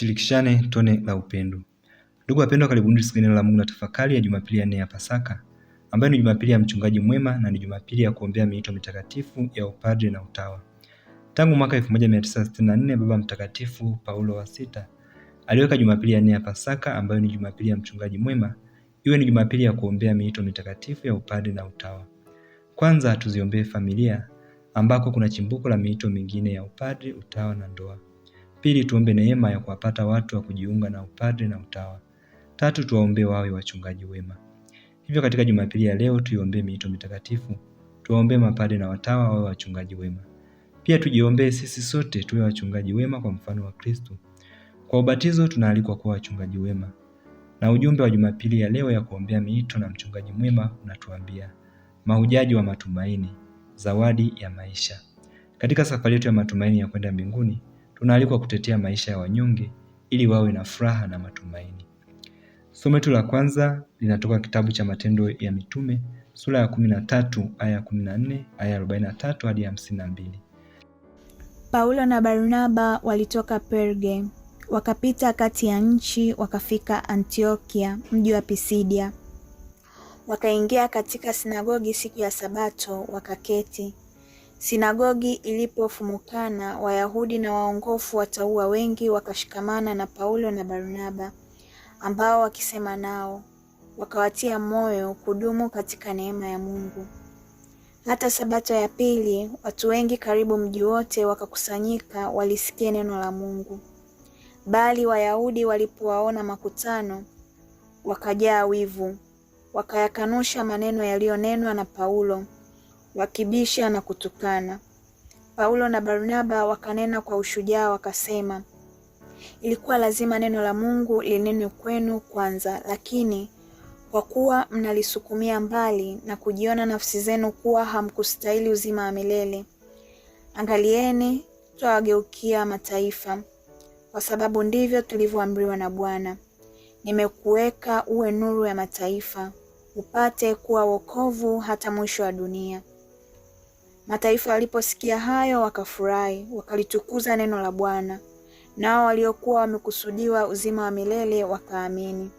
tushirikishane tone la upendo. Ndugu wapendwa, karibuni katika neno la Mungu na tafakari ya Jumapili ya nne ya Pasaka, ambayo ni Jumapili ya mchungaji mwema na ni Jumapili ya kuombea miito mitakatifu ya upadre na utawa. Tangu mwaka 1964 Baba Mtakatifu Paulo wa Sita aliweka Jumapili ya nne ya Pasaka, ambayo ni Jumapili ya mchungaji mwema, iwe ni Jumapili ya kuombea miito mitakatifu ya upadre na utawa. Kwanza tuziombee familia ambako kuna chimbuko la miito mingine ya upadre, utawa na ndoa. Pili, tuombe neema ya kuwapata watu wa kujiunga na upadre na utawa. Tatu, tuwaombee wawe wachungaji wema. Hivyo katika Jumapili ya leo tuiombee miito mitakatifu, tuwaombee mapadre na watawa wawe wachungaji wema. Pia tujiombee sisi sote tuwe wachungaji wema kwa mfano wa Kristo. Kwa ubatizo tunaalikwa kuwa wachungaji wema, na ujumbe wa Jumapili ya leo ya kuombea miito na mchungaji mwema unatuambia mahujaji wa matumaini, zawadi ya maisha. Katika safari yetu ya matumaini ya kwenda mbinguni Tunaalikwa kutetea maisha ya wanyonge ili wawe na furaha na matumaini. Somo letu la kwanza linatoka kitabu cha Matendo ya Mitume sura ya 13 aya ya 14 aya ya 43 hadi 52. Paulo na Barnaba walitoka Perge wakapita kati ya nchi wakafika Antiokia, mji wa Pisidia. Wakaingia katika sinagogi siku ya Sabato wakaketi Sinagogi ilipofumukana Wayahudi na waongofu watauwa wengi wakashikamana na Paulo na Barnaba, ambao wakisema nao wakawatia moyo kudumu katika neema ya Mungu. Hata Sabato ya pili watu wengi karibu mji wote wakakusanyika walisikia neno la Mungu. Bali Wayahudi walipowaona makutano wakajaa wivu, wakayakanusha maneno yaliyonenwa na Paulo wakibisha na kutukana. Paulo na Barnaba wakanena kwa ushujaa wakasema, ilikuwa lazima neno la Mungu linenwe kwenu kwanza, lakini kwa kuwa mnalisukumia mbali na kujiona nafsi zenu kuwa hamkustahili uzima wa milele, angalieni twawageukia mataifa, kwa sababu ndivyo tulivyoamriwa na Bwana, nimekuweka uwe nuru ya mataifa, upate kuwa wokovu hata mwisho wa dunia. Mataifa waliposikia hayo wakafurahi, wakalitukuza neno la Bwana, nao waliokuwa wamekusudiwa uzima wa milele wakaamini.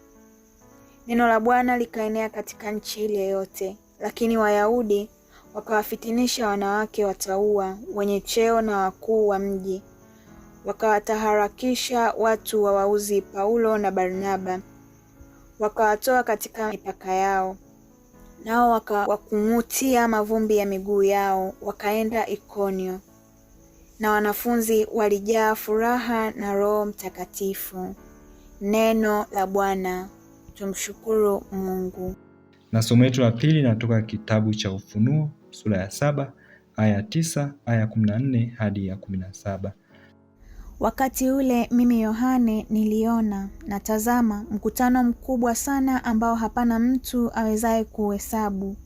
Neno la Bwana likaenea katika nchi ile yote, lakini Wayahudi wakawafitinisha wanawake wataua wenye cheo na wakuu wa mji, wakawataharakisha watu wawauzi Paulo na Barnaba, wakawatoa katika mipaka yao nao wakawakung'utia mavumbi ya miguu yao, wakaenda Ikonio. Na wanafunzi walijaa furaha na Roho Mtakatifu. Neno la Bwana. Tumshukuru Mungu. Na somo letu la pili linatoka kitabu cha Ufunuo sura ya saba aya ya tisa aya ya kumi na nne hadi ya kumi na saba. Wakati ule mimi Yohane niliona, na tazama, mkutano mkubwa sana ambao hapana mtu awezaye kuhesabu,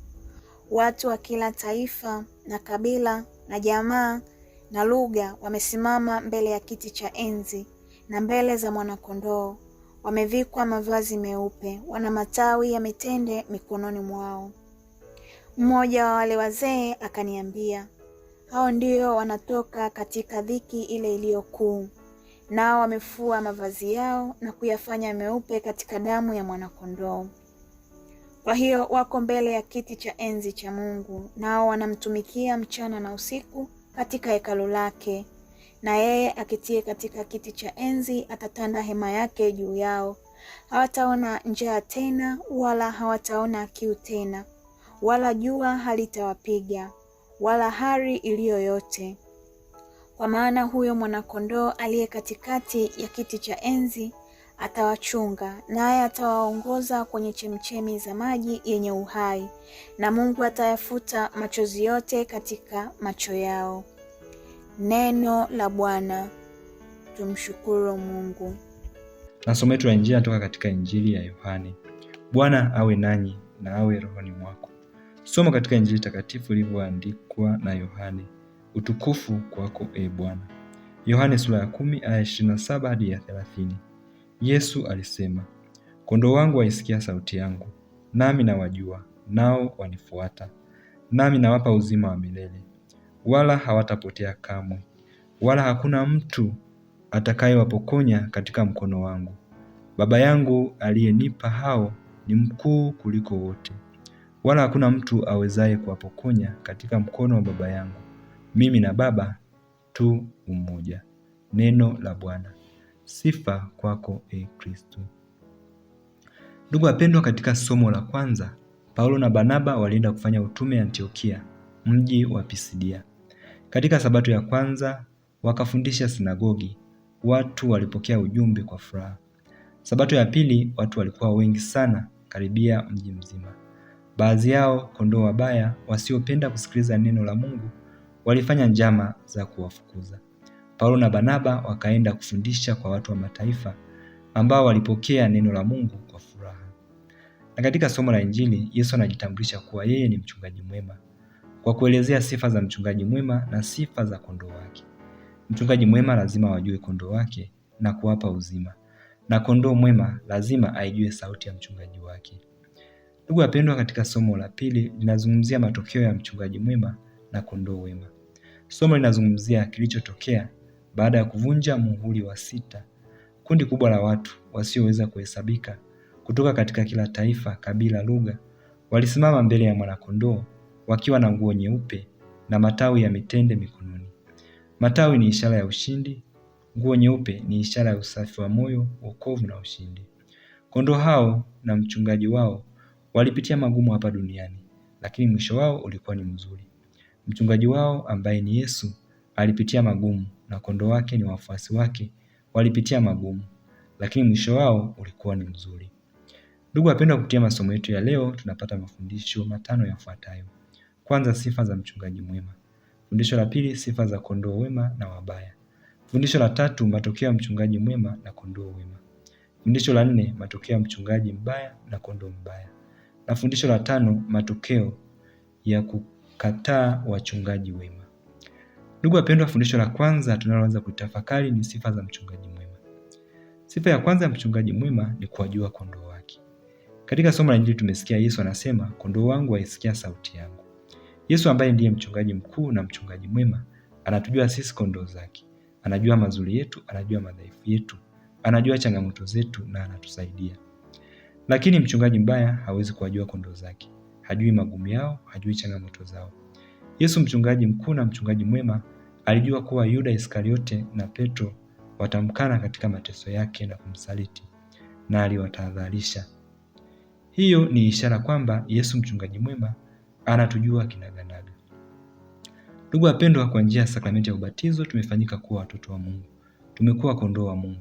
watu wa kila taifa na kabila na jamaa na lugha, wamesimama mbele ya kiti cha enzi na mbele za Mwanakondoo. Wamevikwa mavazi meupe, wana matawi ya mitende mikononi mwao. Mmoja wa wale wazee akaniambia, hao ndio wanatoka katika dhiki ile iliyokuu, nao wamefua mavazi yao na kuyafanya meupe katika damu ya mwanakondoo. Kwa hiyo wako mbele ya kiti cha enzi cha Mungu, nao wanamtumikia mchana na usiku katika hekalo lake, na yeye akitie katika kiti cha enzi atatanda hema yake juu yao. Hawataona njaa tena, wala hawataona kiu tena, wala jua halitawapiga wala hari iliyo yote, kwa maana huyo mwanakondoo aliye katikati ya kiti cha enzi atawachunga naye atawaongoza kwenye chemchemi za maji yenye uhai, na Mungu atayafuta machozi yote katika macho yao. Neno la Bwana. Tumshukuru Mungu. nasometu ya letu toka Injili katika Injili ya Yohane. Bwana awe nanyi na awe rohoni mwako. Soma katika Injili takatifu ilivyoandikwa na Yohane. Utukufu kwako e Bwana. Yohane sura ya kumi aya ishirini na saba hadi ya thelathini. Yesu alisema, kondoo wangu waisikia sauti yangu, nami nawajua, nao wanifuata, nami nawapa uzima wa milele, wala hawatapotea kamwe, wala hakuna mtu atakayewapokonya katika mkono wangu. Baba yangu aliyenipa hao ni mkuu kuliko wote, wala hakuna mtu awezaye kuwapokonya katika mkono wa Baba yangu. Mimi na Baba tu umoja. Neno la Bwana. Sifa kwako e Kristo. Ndugu wapendwa, katika somo la kwanza, Paulo na Barnaba walienda kufanya utume Antiokia, mji wa Pisidia. Katika sabato ya kwanza wakafundisha sinagogi, watu walipokea ujumbe kwa furaha. Sabato ya pili watu walikuwa wengi sana, karibia mji mzima. Baadhi yao kondoo wabaya wasiopenda kusikiliza neno la Mungu walifanya njama za kuwafukuza. Paulo na Barnaba wakaenda kufundisha kwa watu wa mataifa ambao walipokea neno la Mungu kwa furaha. Na katika somo la Injili, Yesu anajitambulisha kuwa yeye ni mchungaji mwema kwa kuelezea sifa za mchungaji mwema na sifa za kondoo wake. Mchungaji mwema lazima wajue kondoo wake na kuwapa uzima, na kondoo mwema lazima aijue sauti ya mchungaji wake. Ndugu wapendwa, katika somo la pili linazungumzia matokeo ya mchungaji mwema na kondoo wema. Somo linazungumzia kilichotokea baada ya kuvunja muhuri wa sita. Kundi kubwa la watu wasioweza kuhesabika kutoka katika kila taifa, kabila, lugha walisimama mbele ya mwanakondoo wakiwa na nguo nyeupe na matawi ya mitende mikononi. Matawi ni ishara ya ushindi, nguo nyeupe ni ishara ya usafi wa moyo, wokovu na ushindi. Kondoo hao na mchungaji wao Walipitia magumu hapa duniani, lakini mwisho wao ulikuwa ni mzuri. Mchungaji wao ambaye ni Yesu alipitia magumu, na kondoo wake ni wafuasi wake walipitia magumu, lakini mwisho wao ulikuwa ni mzuri. Ndugu wapendwa, kupitia masomo yetu ya leo tunapata mafundisho matano yafuatayo. Kwanza, sifa za mchungaji mwema. Fundisho la pili, sifa za kondoo wema na wabaya. Fundisho la tatu, matokeo ya mchungaji mwema na kondoo wema. Fundisho la nne, matokeo ya mchungaji mbaya na kondoo mbaya. Na fundisho la tano, matokeo ya kukataa wachungaji wema. Ndugu wapendwa, fundisho la kwanza tunaloanza kutafakari ni sifa za mchungaji mwema. Sifa ya kwanza ya mchungaji mwema ni kuwajua kondoo wake. Katika somo la Injili tumesikia Yesu anasema, kondoo wangu waisikia sauti yangu. Yesu ambaye ndiye mchungaji mkuu na mchungaji mwema anatujua sisi kondoo zake. Anajua mazuri yetu, anajua madhaifu yetu, anajua changamoto zetu na anatusaidia. Lakini mchungaji mbaya hawezi kuwajua kondoo zake, hajui magumu yao, hajui changamoto zao. Yesu mchungaji mkuu na mchungaji mwema alijua kuwa Yuda Iskariote na Petro watamkana katika mateso yake na kumsaliti, na aliwatahadharisha. Hiyo ni ishara kwamba Yesu mchungaji mwema anatujua kinaganaga. Ndugu wapendwa, kwa njia ya sakramenti ya ubatizo tumefanyika kuwa watoto wa Mungu, tumekuwa kondoo wa Mungu.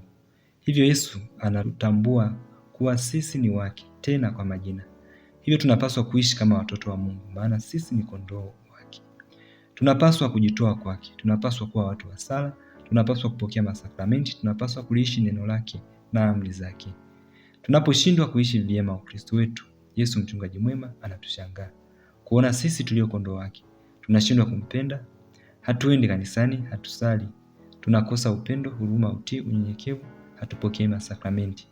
Hivyo Yesu anatambua kuwa sisi ni wake, tena kwa majina. Hivyo tunapaswa kuishi kama watoto wa Mungu, maana sisi ni kondoo wake. Tunapaswa kujitoa kwake, tunapaswa kuwa watu wa sala, tunapaswa kupokea masakramenti, tunapaswa kuliishi neno lake na amri zake. Tunaposhindwa kuishi vyema Ukristo wetu, Yesu mchungaji mwema anatushangaa kuona sisi tulio kondoo wake tunashindwa kumpenda, hatuendi kanisani, hatusali, tunakosa upendo, huruma, utii, unyenyekevu, hatupokei masakramenti.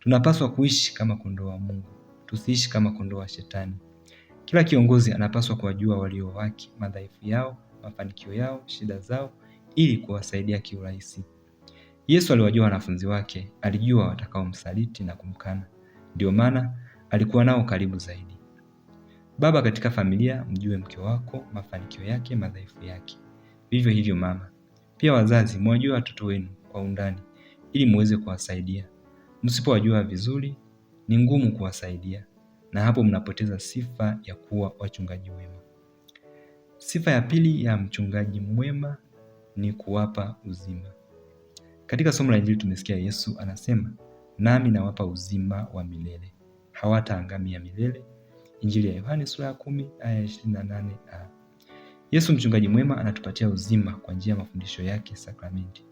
Tunapaswa kuishi kama kondoo wa Mungu, tusiishi kama kondoo wa Shetani. Kila kiongozi anapaswa kuwajua walio wake, madhaifu yao, mafanikio yao, shida zao, ili kuwasaidia kiurahisi. Yesu aliwajua wanafunzi wake, alijua watakaomsaliti na kumkana, ndio maana alikuwa nao karibu zaidi. Baba, katika familia mjue mke wako, mafanikio yake, madhaifu yake. Vivyo hivyo mama, pia wazazi mwajue watoto wenu kwa undani, ili muweze kuwasaidia. Msipowajua vizuri, ni ngumu kuwasaidia na hapo mnapoteza sifa ya kuwa wachungaji wema. Sifa ya pili ya mchungaji mwema ni kuwapa uzima. Katika somo la Injili tumesikia Yesu anasema, nami nawapa uzima wa milele, hawataangamia milele. Injili ya Yohane sura ya kumi aya ishirini na nane a. Yesu mchungaji mwema anatupatia uzima kwa njia ya mafundisho yake sakramenti.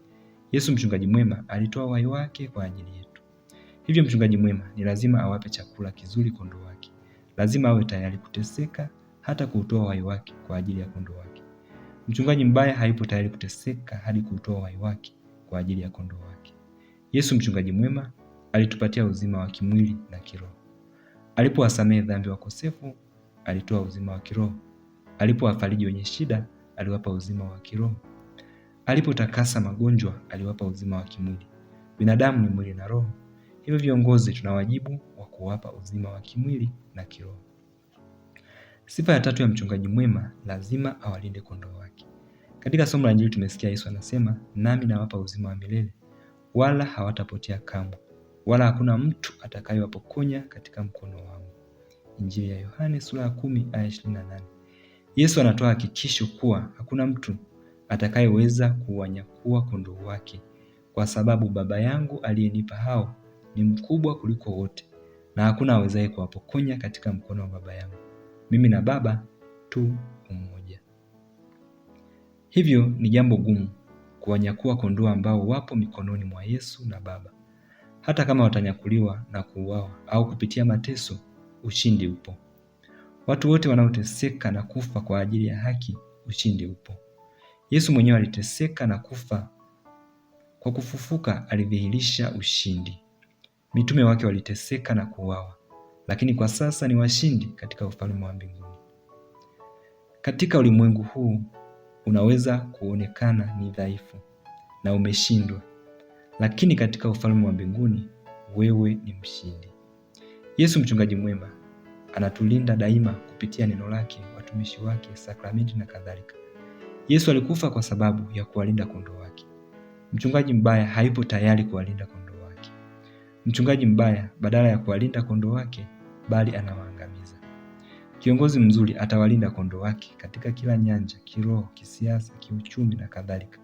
Yesu mchungaji mwema alitoa wai wake kwa ajili yetu. Hivyo mchungaji mwema ni lazima awape chakula kizuri kondoo wake, lazima awe tayari kuteseka hata kuutoa uhai wake kwa ajili ya kondoo wake. Mchungaji mbaya haipo tayari kuteseka hadi kuutoa uhai wake kwa ajili ya kondoo wake. Yesu mchungaji mwema alitupatia uzima wa kimwili na kiroho. Alipowasamehe dhambi wakosefu, alitoa uzima wa kiroho. Alipowafariji wenye shida, aliwapa uzima wa kiroho. Alipotakasa magonjwa, aliwapa uzima wa kimwili. Binadamu ni mwili na roho. Hivyo viongozi tuna wajibu wa kuwapa uzima wa kimwili na kiroho. Sifa ya tatu ya mchungaji mwema, lazima awalinde kondoo wake. Katika somo la Injili tumesikia Yesu anasema, nami nawapa uzima wa milele, wala hawatapotea kamwe, wala hakuna mtu atakayewapokonya katika mkono wangu. Injili ya Yohane sura ya 10 aya 28. Yesu anatoa hakikisho kuwa hakuna mtu atakayeweza kuwanyakua kondoo wake, kwa sababu Baba yangu aliyenipa hao ni mkubwa kuliko wote, na hakuna awezaye kuwapokonya katika mkono wa Baba yangu. Mimi na Baba tu umoja. Hivyo ni jambo gumu kuwanyakua kondoo ambao wapo mikononi mwa Yesu na Baba. Hata kama watanyakuliwa na kuuawa au kupitia mateso, ushindi upo. Watu wote wanaoteseka na kufa kwa ajili ya haki, ushindi upo. Yesu mwenyewe aliteseka na kufa, kwa kufufuka alidhihirisha ushindi. Mitume wake waliteseka na kuuawa, lakini kwa sasa ni washindi katika ufalme wa mbinguni. Katika ulimwengu huu unaweza kuonekana ni dhaifu na umeshindwa, lakini katika ufalme wa mbinguni wewe ni mshindi. Yesu mchungaji mwema anatulinda daima kupitia neno lake, watumishi wake, sakramenti na kadhalika. Yesu alikufa kwa sababu ya kuwalinda kondoo wake. Mchungaji mbaya haipo tayari kuwalinda kondoo Mchungaji mbaya badala ya kuwalinda kondoo wake, bali anawaangamiza. Kiongozi mzuri atawalinda kondoo wake katika kila nyanja: kiroho, kisiasa, kiuchumi na kadhalika.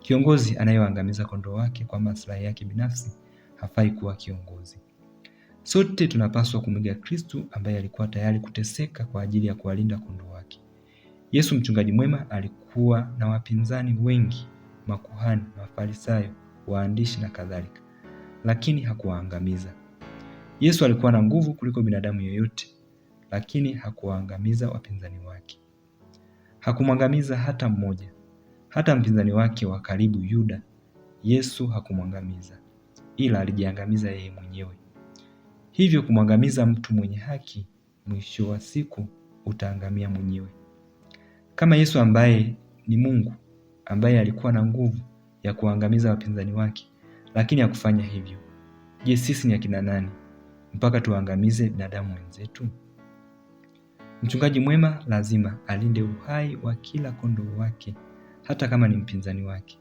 Kiongozi anayewaangamiza kondoo wake kwa maslahi yake binafsi hafai kuwa kiongozi. Sote tunapaswa kumwiga Kristu ambaye alikuwa tayari kuteseka kwa ajili ya kuwalinda kondoo wake. Yesu mchungaji mwema alikuwa na wapinzani wengi: makuhani, mafarisayo, waandishi na kadhalika lakini hakuwaangamiza. Yesu alikuwa na nguvu kuliko binadamu yoyote, lakini hakuwaangamiza wapinzani wake. Hakumwangamiza hata mmoja, hata mpinzani wake wa karibu Yuda. Yesu hakumwangamiza, ila alijiangamiza yeye mwenyewe. Hivyo kumwangamiza mtu mwenye haki, mwisho wa siku utaangamia mwenyewe. Kama Yesu ambaye ni Mungu, ambaye alikuwa na nguvu ya kuangamiza wapinzani wake, lakini hakufanya hivyo. Je, sisi ni akina nani mpaka tuangamize binadamu wenzetu? Mchungaji mwema lazima alinde uhai wa kila kondoo wake, hata kama ni mpinzani wake.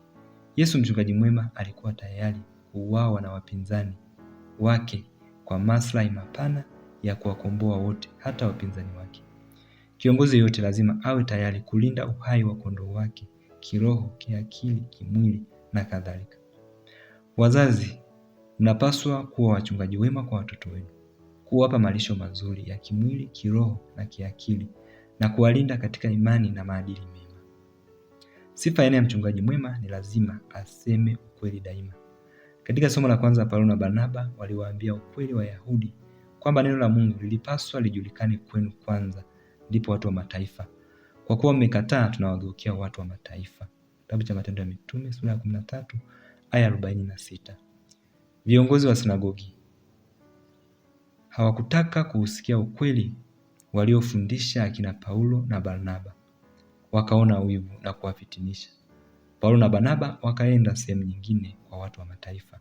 Yesu mchungaji mwema alikuwa tayari kuuawa na wapinzani wake kwa maslahi mapana ya kuwakomboa wote, hata wapinzani wake. Kiongozi yeyote lazima awe tayari kulinda uhai wa kondoo wake, kiroho, kiakili, kimwili na kadhalika. Wazazi, mnapaswa kuwa wachungaji wema kwa watoto wenu, kuwapa malisho mazuri ya kimwili, kiroho na kiakili na kuwalinda katika imani na maadili mema. Sifa ya mchungaji mwema ni lazima aseme ukweli daima. Katika somo la kwanza, Paulo na Barnaba waliwaambia ukweli Wayahudi kwamba neno la Mungu lilipaswa lijulikane kwenu kwanza, ndipo watu wa mataifa. Kwa kuwa mmekataa, tunawageukia watu wa mataifa. Kitabu cha Matendo ya Mitume sura ya aya 46. Viongozi wa sinagogi hawakutaka kuusikia ukweli waliofundisha akina Paulo na Barnaba, wakaona wivu na kuwafitinisha. Paulo na Barnaba wakaenda sehemu nyingine kwa watu wa mataifa.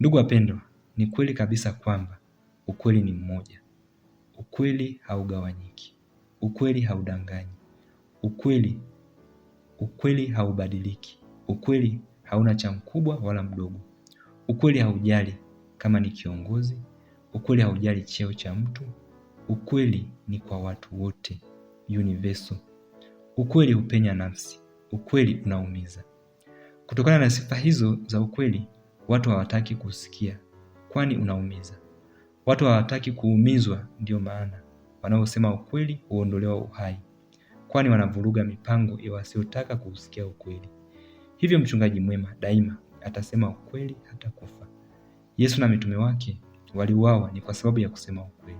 Ndugu wapendwa, ni kweli kabisa kwamba ukweli ni mmoja. Ukweli haugawanyiki. Ukweli haudanganyi. Ukweli ukweli haubadiliki. Ukweli hauna cha mkubwa wala mdogo. Ukweli haujali kama ni kiongozi, ukweli haujali cheo cha mtu, ukweli ni kwa watu wote, universal. Ukweli hupenya nafsi, ukweli unaumiza. Kutokana na sifa hizo za ukweli, watu hawataki kusikia, kwani unaumiza. Watu hawataki kuumizwa, ndiyo maana wanaosema ukweli huondolewa uhai, kwani wanavuruga mipango ya wasiotaka kuusikia ukweli. Hivyo mchungaji mwema daima atasema ukweli hata kufa. Yesu na mitume wake waliuawa ni kwa sababu ya kusema ukweli.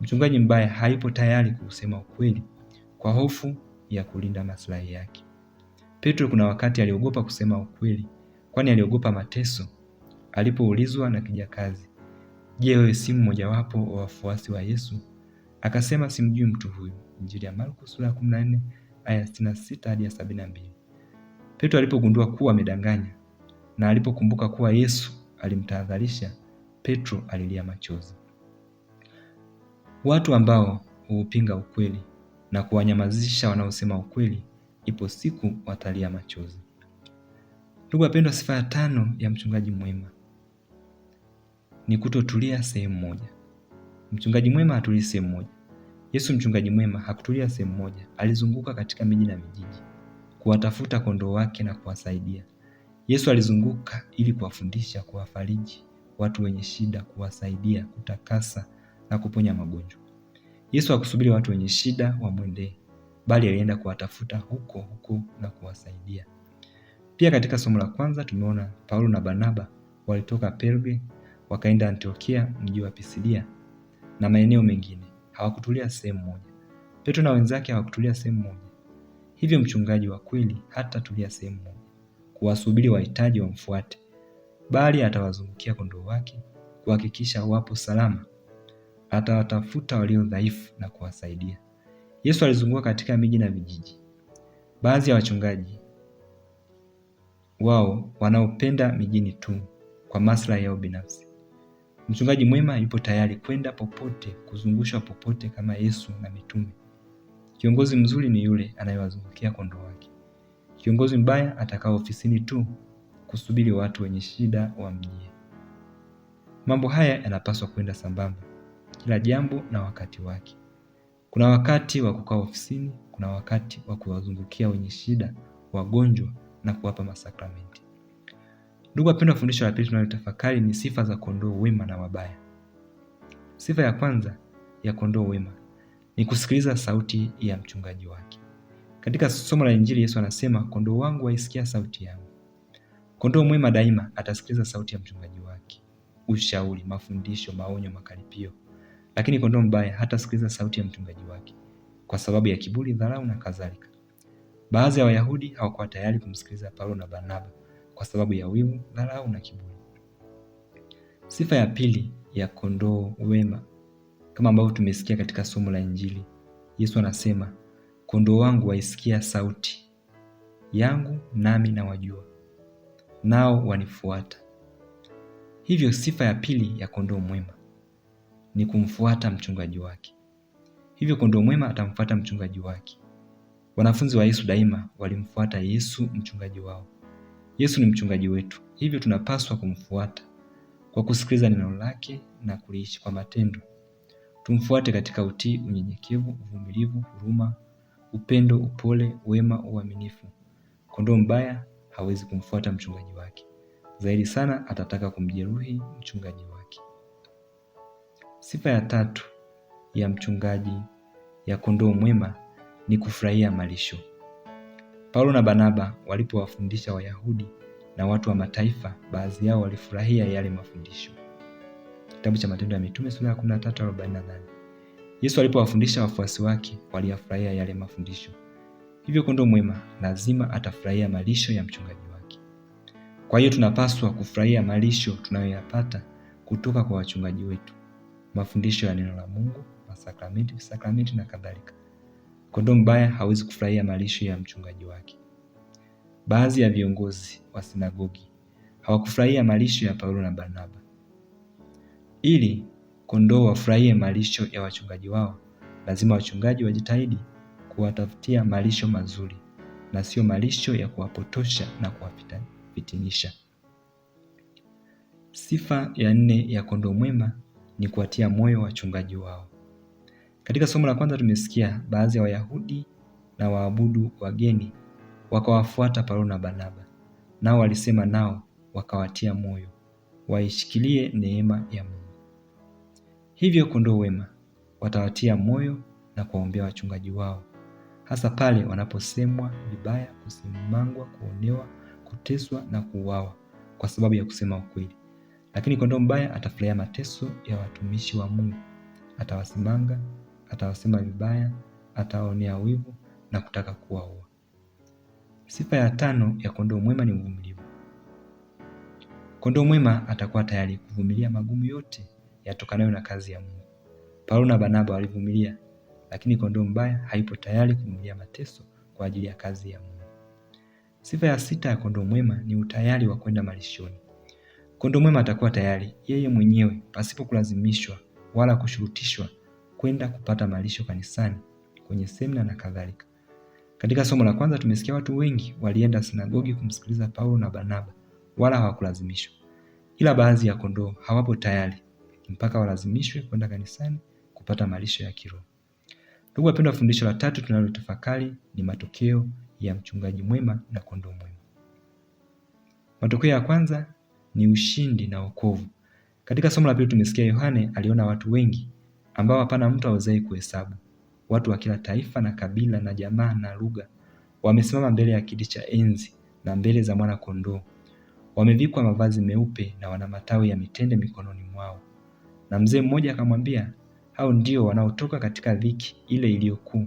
Mchungaji mbaya hayupo tayari kusema ukweli kwa hofu ya kulinda maslahi yake. Petro kuna wakati aliogopa kusema ukweli, kwani aliogopa mateso. Alipoulizwa na kijakazi, je, wewe si mmojawapo wa wafuasi wa Yesu? Akasema, simjui mtu huyu. Injili ya Marko sura ya 14 aya 66 hadi 72. Petro alipogundua kuwa amedanganya na alipokumbuka kuwa Yesu alimtahadharisha, Petro alilia machozi. Watu ambao huupinga ukweli na kuwanyamazisha wanaosema ukweli, ipo siku watalia machozi. Ndugu wapendwa, sifa ya tano ya mchungaji mwema ni kutotulia sehemu moja. Mchungaji mwema hatulii sehemu moja. Yesu mchungaji mwema hakutulia sehemu moja, alizunguka katika miji na vijiji kuwatafuta kondoo wake na kuwasaidia. Yesu alizunguka ili kuwafundisha, kuwafariji watu wenye shida, kuwasaidia, kutakasa na kuponya magonjwa. Yesu hakusubiri watu wenye shida wamwendee, bali alienda kuwatafuta huko huko na kuwasaidia. Pia katika somo la kwanza tumeona Paulo na Barnaba walitoka Perge wakaenda Antiokia, mji wa Pisidia na maeneo mengine. Hawakutulia sehemu moja. Petro na wenzake hawakutulia sehemu moja. Hivyo mchungaji wa kweli hata tulia sehemu moja kuwasubiri wahitaji wamfuate, bali atawazungukia kondoo wake kuhakikisha wapo salama. Atawatafuta walio dhaifu na kuwasaidia. Yesu alizunguka katika miji na vijiji. Baadhi ya wachungaji wao wanaopenda mijini tu kwa maslahi yao binafsi. Mchungaji mwema yupo tayari kwenda popote, kuzungushwa popote, kama Yesu na mitume. Kiongozi mzuri ni yule anayewazungukia kondoo wake. Kiongozi mbaya atakaa ofisini tu kusubiri watu wenye shida wamjie. Mambo haya yanapaswa kwenda sambamba, kila jambo na wakati wake. Kuna wakati wa kukaa ofisini, kuna wakati wa kuwazungukia wenye shida, wagonjwa na kuwapa masakramenti. Ndugu wapendwa, fundisho la pili tunalotafakari ni sifa za kondoo wema na wabaya. Sifa ya kwanza ya kondoo wema ni kusikiliza sauti ya mchungaji wake. Katika somo la Injili Yesu anasema, kondoo wangu waisikia sauti yangu. Kondoo mwema daima atasikiliza sauti ya mchungaji wake, ushauri, mafundisho, maonyo, makaripio. Lakini kondoo mbaya hatasikiliza sauti ya mchungaji wake kwa sababu ya kiburi, dharau na kadhalika. Baadhi ya Wayahudi hawakuwa tayari kumsikiliza Paulo na Barnaba kwa sababu ya wivu, dharau na kiburi. Sifa ya pili ya kondoo wema kama ambavyo tumesikia katika somo la Injili, Yesu anasema, kondoo wangu waisikia sauti yangu, nami nawajua, nao wanifuata. Hivyo sifa ya pili ya kondoo mwema ni kumfuata mchungaji wake. Hivyo kondoo mwema atamfuata mchungaji wake. Wanafunzi wa Yesu daima walimfuata Yesu mchungaji wao. Yesu ni mchungaji wetu, hivyo tunapaswa kumfuata kwa kusikiliza neno lake na kuliishi kwa matendo. Tumfuate katika utii, unyenyekevu, uvumilivu, huruma, upendo, upole, wema, uaminifu. Kondoo mbaya hawezi kumfuata mchungaji wake, zaidi sana atataka kumjeruhi mchungaji wake. Sifa ya tatu ya mchungaji ya kondoo mwema ni kufurahia malisho. Paulo na Barnaba walipowafundisha Wayahudi na watu wa mataifa, baadhi yao walifurahia yale mafundisho kitabu cha Matendo ya Mitume sura ya 13 Yesu alipowafundisha wafuasi wake waliyafurahia yale mafundisho. Hivyo kondoo mwema lazima atafurahia malisho ya mchungaji wake. Kwa hiyo tunapaswa kufurahia malisho tunayoyapata kutoka kwa wachungaji wetu, mafundisho ya neno la Mungu, masakramenti, sakramenti na kadhalika. Kondoo mbaya hawezi kufurahia malisho ya mchungaji wake. Baadhi ya viongozi wa sinagogi hawakufurahia malisho ya Paulo na Barnaba. Ili kondoo wafurahie malisho ya wachungaji wao, lazima wachungaji wajitahidi kuwatafutia malisho mazuri na sio malisho ya kuwapotosha na kuwafitinisha. Sifa ya nne ya kondoo mwema ni kuwatia moyo wachungaji wao. Katika somo la kwanza tumesikia baadhi ya Wayahudi na waabudu wageni wakawafuata Paulo na Barnaba, nao walisema nao wakawatia moyo waishikilie neema ya Mungu. Hivyo kondoo wema watawatia moyo na kuwaombea wachungaji wao, hasa pale wanaposemwa vibaya, kusimangwa, kuonewa, kuteswa na kuuawa kwa sababu ya kusema ukweli. Lakini kondoo mbaya atafurahia mateso ya watumishi wa Mungu, atawasimanga, atawasema vibaya, atawaonea wivu na kutaka kuwaua. Sifa ya tano ya kondoo mwema ni uvumilivu. Kondoo mwema atakuwa tayari kuvumilia magumu yote yatokanayo na kazi ya Mungu. Paulo na Barnaba walivumilia, lakini kondoo mbaya haipo tayari kuvumilia mateso kwa ajili ya kazi ya Mungu. Sifa ya sita ya kondoo mwema ni utayari wa kwenda malishoni. Kondoo mwema atakuwa tayari yeye mwenyewe pasipo kulazimishwa wala kushurutishwa kwenda kupata malisho kanisani, kwenye semina na kadhalika. Katika somo la kwanza tumesikia watu wengi walienda sinagogi kumsikiliza Paulo na Barnaba wala hawakulazimishwa, ila baadhi ya kondoo hawapo tayari mpaka walazimishwe kwenda kanisani kupata malisho ya kiroho. Ndugu wapendwa, fundisho la tatu tunalotafakari ni matokeo ya mchungaji mwema na kondoo mwema. Matokeo ya kwanza ni ushindi na wokovu. Katika somo la pili tumesikia Yohane aliona watu wengi ambao hapana mtu awezaye kuhesabu, watu wa kila taifa na kabila na jamaa na lugha, wamesimama mbele ya kiti cha enzi na mbele za mwana kondoo, wamevikwa mavazi meupe na wana matawi ya mitende mikononi mwao na mzee mmoja akamwambia, hao ndio wanaotoka katika dhiki ile iliyokuu,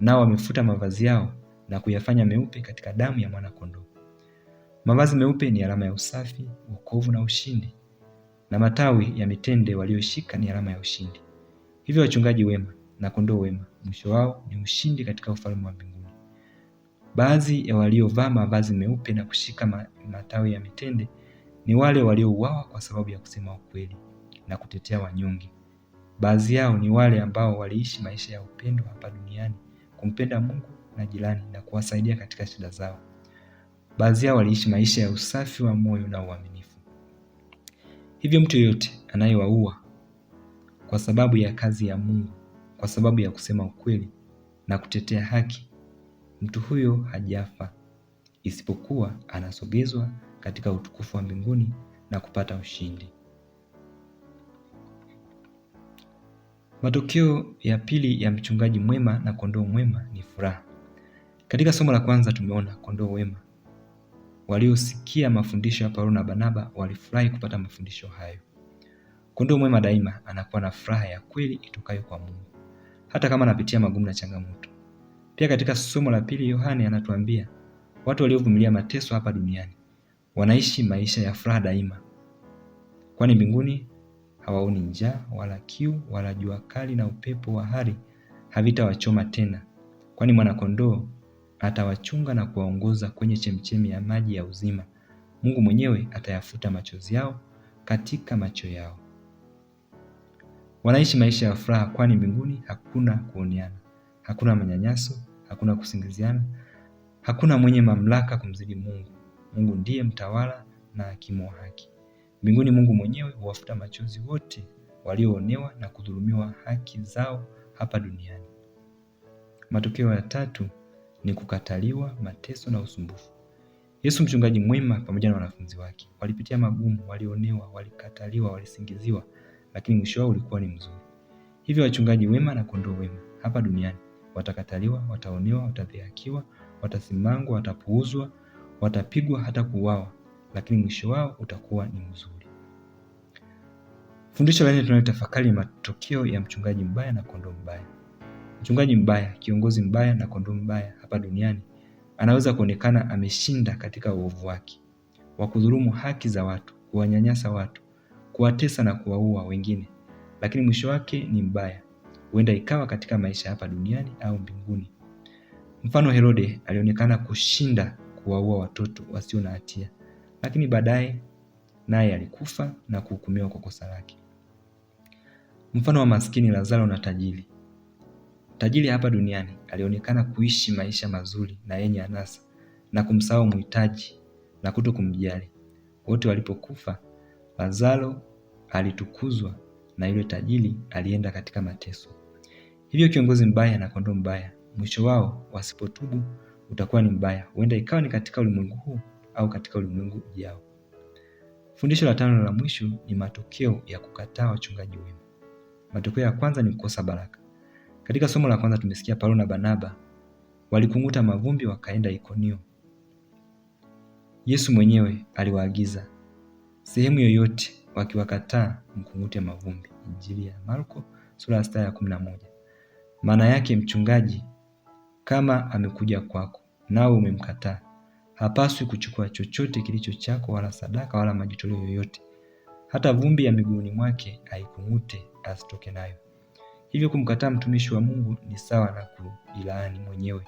nao wamefuta mavazi yao na kuyafanya meupe katika damu ya mwanakondoo. Mavazi meupe ni alama ya usafi, wokovu na ushindi, na matawi ya mitende walioshika ni alama ya ushindi. Hivyo wachungaji wema na kondoo wema, mwisho wao ni ushindi katika ufalme wa mbinguni. Baadhi ya waliovaa mavazi meupe na kushika matawi ya mitende ni wale waliouawa kwa sababu ya kusema ukweli na kutetea wanyonge. Baadhi yao ni wale ambao waliishi maisha ya upendo hapa duniani, kumpenda Mungu na jirani na kuwasaidia katika shida zao. Baadhi yao waliishi maisha ya usafi wa moyo na uaminifu. Hivyo mtu yeyote anayewaua kwa sababu ya kazi ya Mungu, kwa sababu ya kusema ukweli na kutetea haki, mtu huyo hajafa, isipokuwa anasogezwa katika utukufu wa mbinguni na kupata ushindi. Matokeo ya pili ya mchungaji mwema na kondoo mwema ni furaha. Katika somo la kwanza tumeona kondoo wema waliosikia mafundisho ya Paulo na Barnaba walifurahi kupata mafundisho hayo. Kondoo mwema daima anakuwa na furaha ya kweli itokayo kwa Mungu hata kama anapitia magumu na changamoto. Pia katika somo la pili Yohane anatuambia watu waliovumilia mateso hapa duniani wanaishi maisha ya furaha daima, kwani mbinguni hawaoni njaa wala kiu wala jua kali na upepo wa hari havitawachoma tena, kwani mwanakondoo atawachunga na kuwaongoza kwenye chemchemi ya maji ya uzima. Mungu mwenyewe atayafuta machozi yao katika macho yao. Wanaishi maisha ya furaha, kwani mbinguni hakuna kuoneana, hakuna manyanyaso, hakuna kusingiziana, hakuna mwenye mamlaka kumzidi Mungu. Mungu ndiye mtawala na hakimu wa haki. Mbinguni Mungu mwenyewe huwafuta machozi wote walioonewa na kudhulumiwa haki zao hapa duniani. Matokeo ya tatu ni kukataliwa, mateso na usumbufu. Yesu mchungaji mwema pamoja na wanafunzi wake walipitia magumu, walionewa, walikataliwa, walisingiziwa, lakini mwisho wao ulikuwa ni mzuri. Hivyo wachungaji wema na kondoo wema hapa duniani watakataliwa, wataonewa, watadhihakiwa, watasimangwa, watapuuzwa, watapigwa hata kuuawa, lakini mwisho wao utakuwa ni mzuri. Fundisho la nne tunalitafakari matokeo ya mchungaji mbaya na kondoo mbaya. Mchungaji mbaya, kiongozi mbaya na kondoo mbaya hapa duniani anaweza kuonekana ameshinda katika uovu wake wa kudhulumu haki za watu, kuwanyanyasa watu, kuwatesa na kuwaua wengine, lakini mwisho wake ni mbaya, huenda ikawa katika maisha hapa duniani au mbinguni. Mfano, Herode alionekana kushinda kuwaua watoto wasio na hatia, lakini baadaye naye alikufa na kuhukumiwa kwa kosa lake. Mfano wa maskini Lazaro na tajiri. Tajiri hapa duniani alionekana kuishi maisha mazuri na yenye anasa na kumsahau mhitaji na kuto kumjali. Wote walipokufa, Lazaro alitukuzwa na yule tajiri alienda katika mateso. Hivyo kiongozi mbaya na kondoo mbaya, mwisho wao wasipotubu utakuwa ni mbaya. Huenda ikawa ni katika ulimwengu huu au katika ulimwengu ujao. Fundisho la tano la mwisho ni matokeo ya kukataa wachungaji wema. Matokeo ya kwanza ni kukosa baraka. Katika somo la kwanza tumesikia Paulo na Barnaba walikunguta mavumbi wakaenda Ikonio. Yesu mwenyewe aliwaagiza, sehemu yoyote wakiwakataa mkungute mavumbi. Injili ya Marko sura ya sita ya kumi na moja. Maana yake mchungaji kama amekuja kwako nawe umemkataa, Hapaswi kuchukua chochote kilicho chako, wala sadaka wala majitoleo yoyote, hata vumbi ya miguuni mwake aikung'ute, asitoke nayo. Hivyo kumkataa mtumishi wa Mungu ni sawa na kujilaani mwenyewe,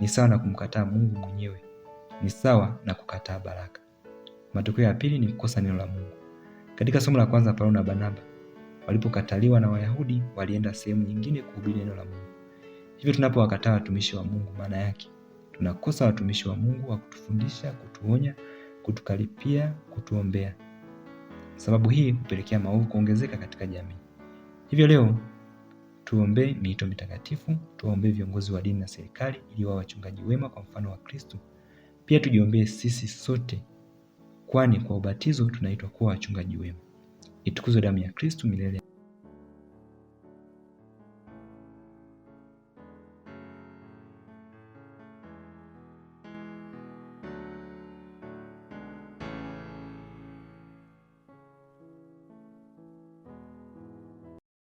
ni sawa na kumkataa Mungu mwenyewe, ni sawa na kukataa baraka. Matokeo ya pili ni kukosa neno la Mungu. Katika somo la kwanza, Paulo na Barnaba walipokataliwa na Wayahudi, walienda sehemu nyingine kuhubiri neno la Mungu. Hivyo tunapowakataa watumishi wa Mungu, maana yake Tunakosa watumishi wa Mungu wa kutufundisha, kutuonya, kutukaripia, kutuombea. Sababu hii hupelekea maovu kuongezeka katika jamii. Hivyo leo tuombee miito mitakatifu, tuombee viongozi wa dini na serikali ili wawe wachungaji wema kwa mfano wa Kristo. Pia tujiombee sisi sote, kwani kwa ubatizo tunaitwa kuwa wachungaji wema. Itukuzwe damu ya Kristo milele.